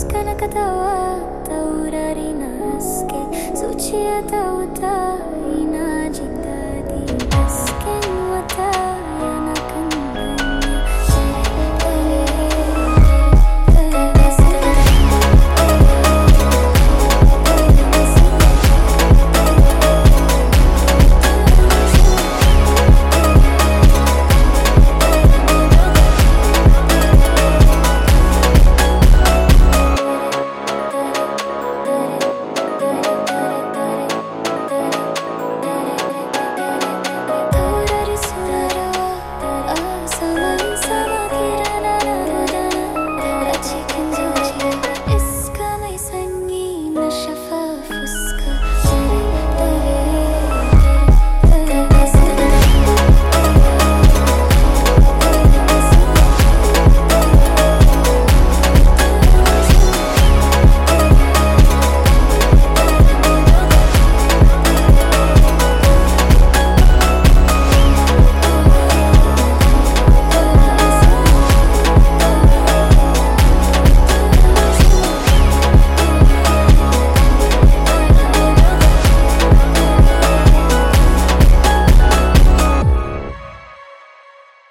Скана катавата урарина ске, звучи это утро.